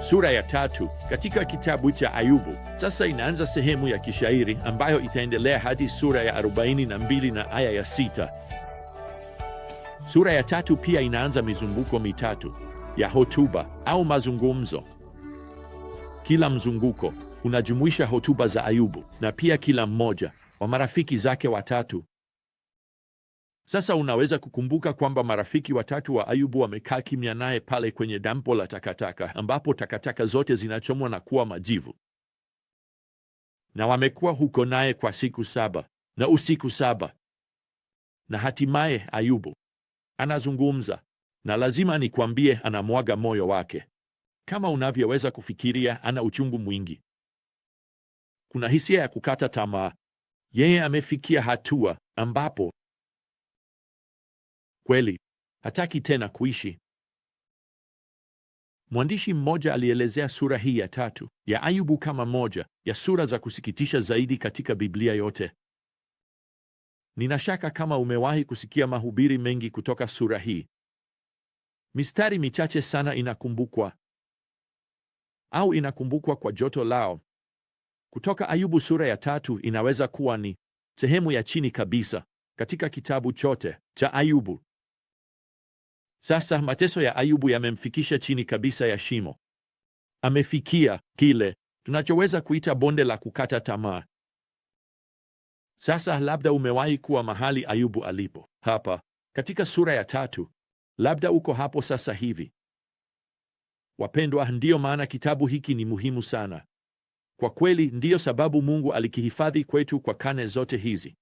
sura ya tatu katika kitabu cha Ayubu. Sasa inaanza sehemu ya kishairi ambayo itaendelea hadi sura ya 42 na aya ya sita. Sura ya tatu pia inaanza mizunguko mitatu ya hotuba au mazungumzo. Kila mzunguko unajumuisha hotuba za Ayubu na pia kila mmoja wa marafiki zake watatu sasa unaweza kukumbuka kwamba marafiki watatu wa Ayubu wamekaa kimya naye pale kwenye dampo la takataka ambapo takataka zote zinachomwa na kuwa majivu, na wamekuwa huko naye kwa siku saba na usiku saba, na hatimaye Ayubu anazungumza, na lazima nikwambie, anamwaga moyo wake. Kama unavyoweza kufikiria, ana uchungu mwingi. Kuna hisia ya kukata tamaa. Yeye amefikia hatua ambapo kweli hataki tena kuishi. Mwandishi mmoja alielezea sura hii ya tatu ya Ayubu kama moja ya sura za kusikitisha zaidi katika Biblia yote. Nina shaka kama umewahi kusikia mahubiri mengi kutoka sura hii. Mistari michache sana inakumbukwa au inakumbukwa kwa joto lao. Kutoka Ayubu sura ya tatu inaweza kuwa ni sehemu ya chini kabisa katika kitabu chote cha Ayubu. Sasa mateso ya Ayubu yamemfikisha chini kabisa ya shimo. Amefikia kile tunachoweza kuita bonde la kukata tamaa. Sasa labda umewahi kuwa mahali Ayubu alipo hapa katika sura ya tatu. Labda uko hapo sasa hivi. Wapendwa, ndiyo maana kitabu hiki ni muhimu sana. Kwa kweli, ndiyo sababu Mungu alikihifadhi kwetu kwa kane zote hizi.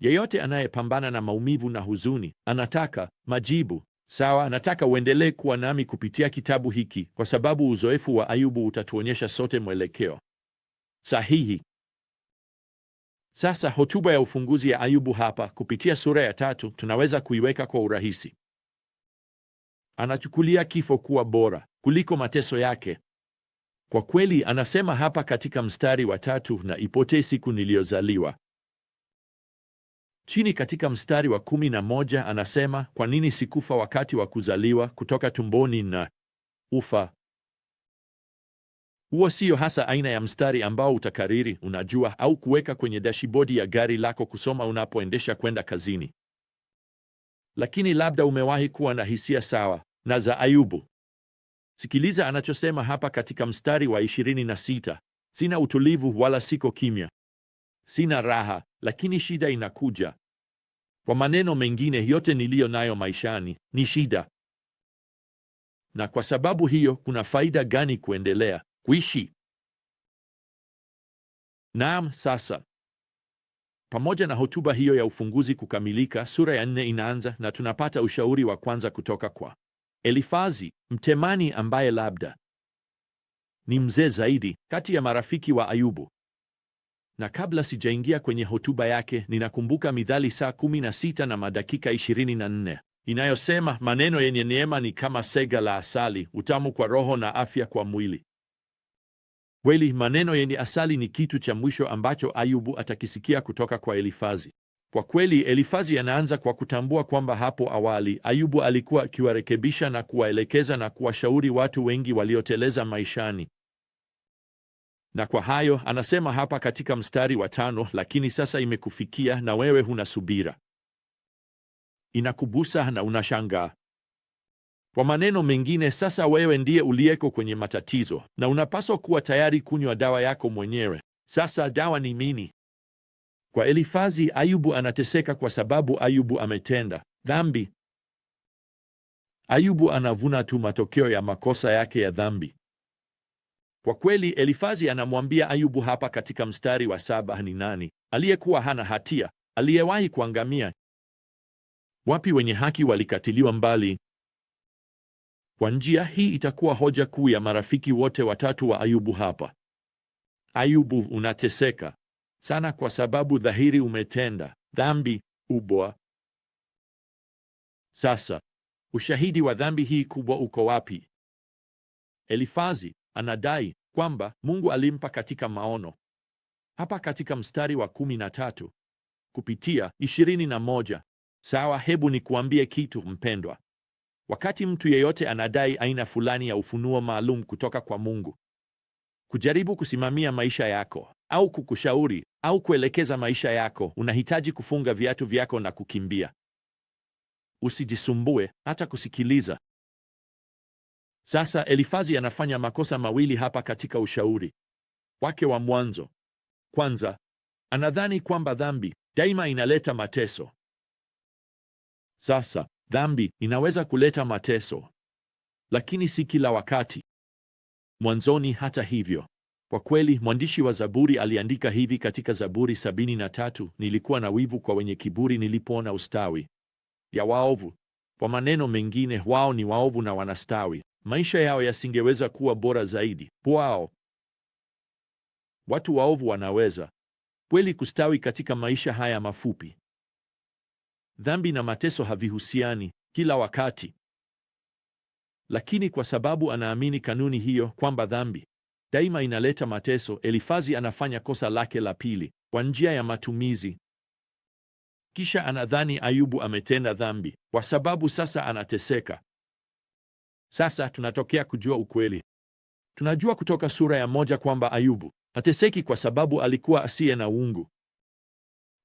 Yeyote anayepambana na maumivu na huzuni anataka majibu. Sawa, nataka uendelee kuwa nami kupitia kitabu hiki kwa sababu uzoefu wa Ayubu utatuonyesha sote mwelekeo sahihi. Sasa hotuba ya ufunguzi ya Ayubu hapa kupitia sura ya tatu tunaweza kuiweka kwa urahisi. Anachukulia kifo kuwa bora kuliko mateso yake. Kwa kweli, anasema hapa katika mstari wa tatu, na ipotee siku niliyozaliwa Chini katika mstari wa kumi na moja anasema, kwa nini sikufa wakati wa kuzaliwa kutoka tumboni na ufa? Huo siyo hasa aina ya mstari ambao utakariri, unajua, au kuweka kwenye dashibodi ya gari lako kusoma unapoendesha kwenda kazini, lakini labda umewahi kuwa na hisia sawa na za Ayubu. Sikiliza anachosema hapa katika mstari wa 26: sina utulivu wala siko kimya, sina raha, lakini shida inakuja kwa maneno mengine, yote niliyo nayo maishani ni shida. Na kwa sababu hiyo, kuna faida gani kuendelea kuishi? Naam, sasa pamoja na hotuba hiyo ya ufunguzi kukamilika, sura ya nne inaanza na tunapata ushauri wa kwanza kutoka kwa Elifazi Mtemani, ambaye labda ni mzee zaidi kati ya marafiki wa Ayubu. Na kabla sijaingia kwenye hotuba yake, ninakumbuka Mithali saa kumi na sita na madakika ishirini na nne inayosema maneno yenye neema ni kama sega la asali, utamu kwa roho na afya kwa mwili. Kweli maneno yenye asali ni kitu cha mwisho ambacho Ayubu atakisikia kutoka kwa Elifazi. Kwa kweli, Elifazi anaanza kwa kutambua kwamba hapo awali Ayubu alikuwa akiwarekebisha na kuwaelekeza na kuwashauri watu wengi walioteleza maishani. Na kwa hayo anasema hapa katika mstari wa tano, lakini sasa imekufikia na wewe huna subira. Inakubusa na unashangaa. Kwa maneno mengine, sasa wewe ndiye uliyeko kwenye matatizo na unapaswa kuwa tayari kunywa dawa yako mwenyewe. Sasa dawa ni nini? Kwa Elifazi, Ayubu anateseka kwa sababu Ayubu ametenda dhambi. Ayubu anavuna tu matokeo ya makosa yake ya dhambi. Kwa kweli Elifazi anamwambia Ayubu hapa katika mstari wa saba, ni nani aliyekuwa hana hatia aliyewahi kuangamia? Wapi wenye haki walikatiliwa mbali? Kwa njia hii itakuwa hoja kuu ya marafiki wote watatu wa Ayubu hapa. Ayubu, unateseka sana kwa sababu dhahiri umetenda dhambi kubwa. Sasa ushahidi wa dhambi hii kubwa uko wapi? Elifazi anadai kwamba Mungu alimpa katika maono. Hapa katika mstari wa kumi na tatu kupitia ishirini na moja. Sawa, hebu nikuambie kitu mpendwa. Wakati mtu yeyote anadai aina fulani ya ufunuo maalum kutoka kwa Mungu, kujaribu kusimamia maisha yako au kukushauri au kuelekeza maisha yako, unahitaji kufunga viatu vyako na kukimbia. Usijisumbue hata kusikiliza sasa Elifazi anafanya makosa mawili hapa katika ushauri wake wa mwanzo. Kwanza, anadhani kwamba dhambi daima inaleta mateso. Sasa dhambi inaweza kuleta mateso, lakini si kila wakati. Mwanzoni, hata hivyo, kwa kweli mwandishi wa Zaburi aliandika hivi katika Zaburi 73: nilikuwa na wivu kwa wenye kiburi nilipoona ustawi ya waovu. Kwa maneno mengine, wao ni waovu na wanastawi maisha yao yasingeweza kuwa bora zaidi kwao. Watu waovu wanaweza kweli kustawi katika maisha haya mafupi. Dhambi na mateso havihusiani kila wakati, lakini kwa sababu anaamini kanuni hiyo kwamba dhambi daima inaleta mateso, Elifazi anafanya kosa lake la pili kwa njia ya matumizi. Kisha anadhani Ayubu ametenda dhambi kwa sababu sasa anateseka sasa tunatokea kujua ukweli. Tunajua kutoka sura ya moja kwamba Ayubu ateseki kwa sababu alikuwa asiye na uungu.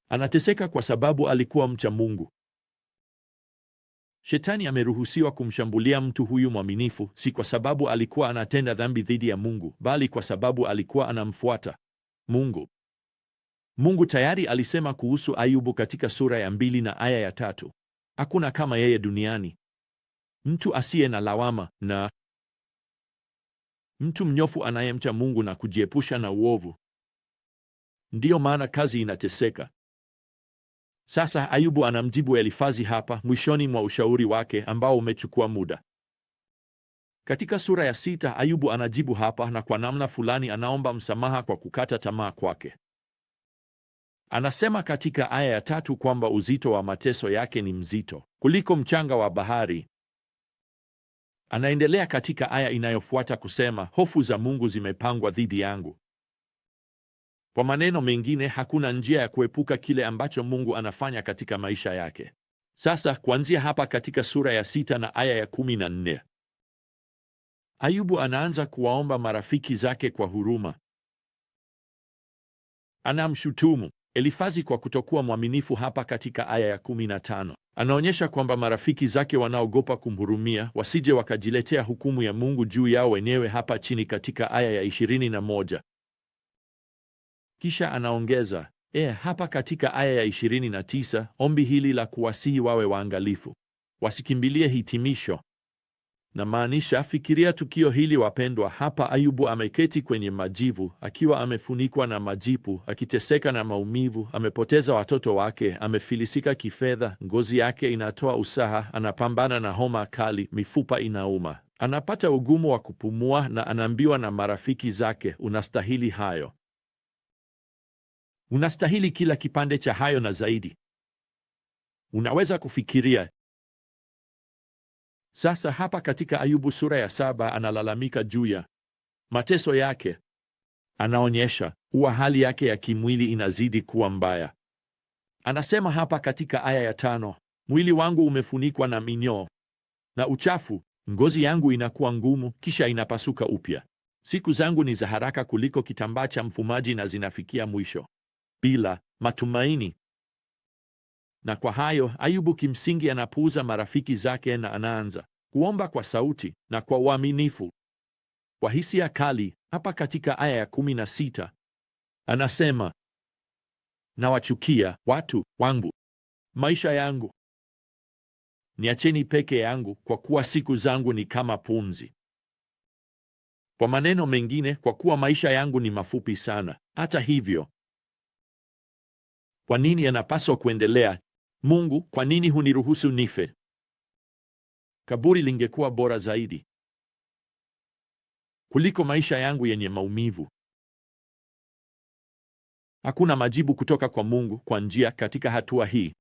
Anateseka kwa sababu alikuwa mcha Mungu. Shetani ameruhusiwa kumshambulia mtu huyu mwaminifu, si kwa sababu alikuwa anatenda dhambi dhidi ya Mungu, bali kwa sababu alikuwa anamfuata Mungu. Mungu tayari alisema kuhusu Ayubu katika sura ya mbili na aya ya tatu, hakuna kama yeye duniani mtu asiye na lawama na mtu mnyofu anayemcha Mungu na kujiepusha na uovu. Ndiyo maana kazi inateseka. Sasa Ayubu anamjibu Elifazi hapa mwishoni mwa ushauri wake ambao umechukua muda. Katika sura ya sita Ayubu anajibu hapa, na kwa namna fulani anaomba msamaha kwa kukata tamaa kwake. Anasema katika aya ya tatu kwamba uzito wa mateso yake ni mzito kuliko mchanga wa bahari. Anaendelea katika aya inayofuata kusema, hofu za Mungu zimepangwa dhidi yangu. Kwa maneno mengine, hakuna njia ya kuepuka kile ambacho Mungu anafanya katika maisha yake. Sasa kuanzia hapa katika sura ya sita na aya ya kumi na nne Ayubu anaanza kuwaomba marafiki zake kwa huruma. Anamshutumu Elifazi kwa kutokuwa mwaminifu hapa katika aya ya 15. Anaonyesha kwamba marafiki zake wanaogopa kumhurumia wasije wakajiletea hukumu ya Mungu juu yao wenyewe hapa chini katika aya ya 21. Kisha anaongeza e, hapa katika aya ya 29 ombi hili la kuwasihi wawe waangalifu, wasikimbilie hitimisho na maanisha fikiria tukio hili wapendwa. Hapa Ayubu ameketi kwenye majivu akiwa amefunikwa na majipu, akiteseka na maumivu. Amepoteza watoto wake, amefilisika kifedha, ngozi yake inatoa usaha, anapambana na homa kali, mifupa inauma, anapata ugumu wa kupumua, na anaambiwa na marafiki zake, unastahili hayo, unastahili kila kipande cha hayo na zaidi. Unaweza kufikiria sasa hapa katika Ayubu sura ya saba analalamika juu ya mateso yake. Anaonyesha huwa hali yake ya kimwili inazidi kuwa mbaya. Anasema hapa katika aya ya tano, mwili wangu umefunikwa na minyoo na uchafu, ngozi yangu inakuwa ngumu kisha inapasuka upya, siku zangu ni za haraka kuliko kitambaa cha mfumaji na zinafikia mwisho bila matumaini. Na kwa hayo Ayubu kimsingi anapuuza marafiki zake na anaanza kuomba kwa sauti na kwa uaminifu. Kwa hisia kali, hapa katika aya ya sita anasema nawachukia watu wangu, maisha yangu, niacheni peke yangu, kwa kuwa siku zangu ni kama punzi Kwa maneno mengine, kwa kuwa maisha yangu ni mafupi sana. Hata hivyo, kwa nini anapaswa kuendelea? Mungu, kwa nini huniruhusu nife? Kaburi lingekuwa bora zaidi kuliko maisha yangu yenye maumivu. Hakuna majibu kutoka kwa Mungu kwa njia katika hatua hii.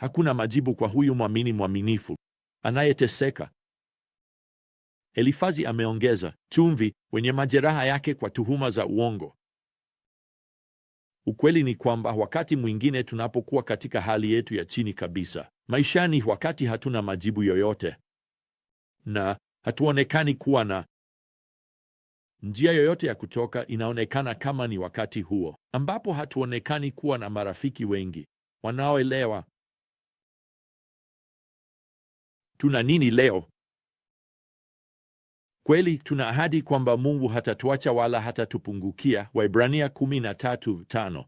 Hakuna majibu kwa huyu mwamini mwaminifu anayeteseka. Elifazi ameongeza chumvi wenye majeraha yake kwa tuhuma za uongo. Ukweli ni kwamba wakati mwingine tunapokuwa katika hali yetu ya chini kabisa maishani, wakati hatuna majibu yoyote na hatuonekani kuwa na njia yoyote ya kutoka, inaonekana kama ni wakati huo ambapo hatuonekani kuwa na marafiki wengi wanaoelewa tuna nini leo Kweli tuna ahadi kwamba Mungu hatatuacha wala hatatupungukia, Waibrania 13:5.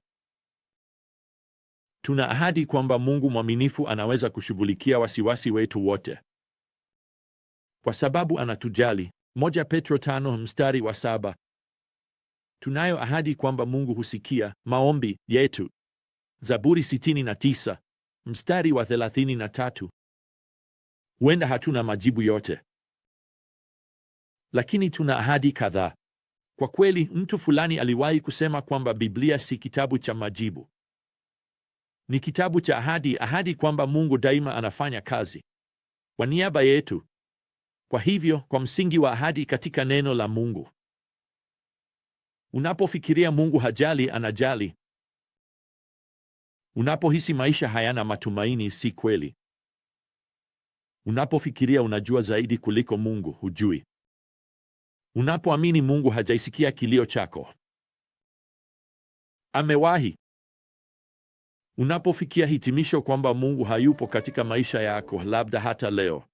Tuna ahadi kwamba Mungu mwaminifu anaweza kushughulikia wasiwasi wetu wote kwa sababu anatujali. Moja Petro tano mstari wa saba. Tunayo ahadi kwamba Mungu husikia maombi yetu. Zaburi 69 mstari wa 33. Huenda hatuna majibu yote, lakini tuna ahadi kadhaa. Kwa kweli, mtu fulani aliwahi kusema kwamba Biblia si kitabu cha majibu, ni kitabu cha ahadi, ahadi kwamba Mungu daima anafanya kazi kwa niaba yetu. Kwa hivyo, kwa msingi wa ahadi katika neno la Mungu, unapofikiria Mungu hajali, anajali. Unapohisi maisha hayana matumaini, si kweli. Unapofikiria unajua zaidi kuliko Mungu, hujui. Unapoamini Mungu hajaisikia kilio chako. Amewahi. Unapofikia hitimisho kwamba Mungu hayupo katika maisha yako, labda hata leo,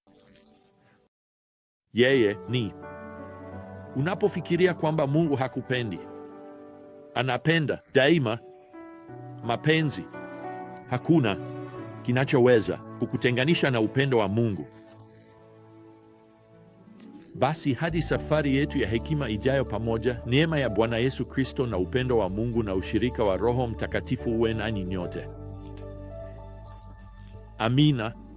yeye ni. Unapofikiria kwamba Mungu hakupendi, anapenda daima. Mapenzi. Hakuna kinachoweza kukutenganisha na upendo wa Mungu. Basi hadi safari yetu ya hekima ijayo pamoja, neema ya Bwana Yesu Kristo na upendo wa Mungu na ushirika wa Roho Mtakatifu uwe nanyi nyote. Amina.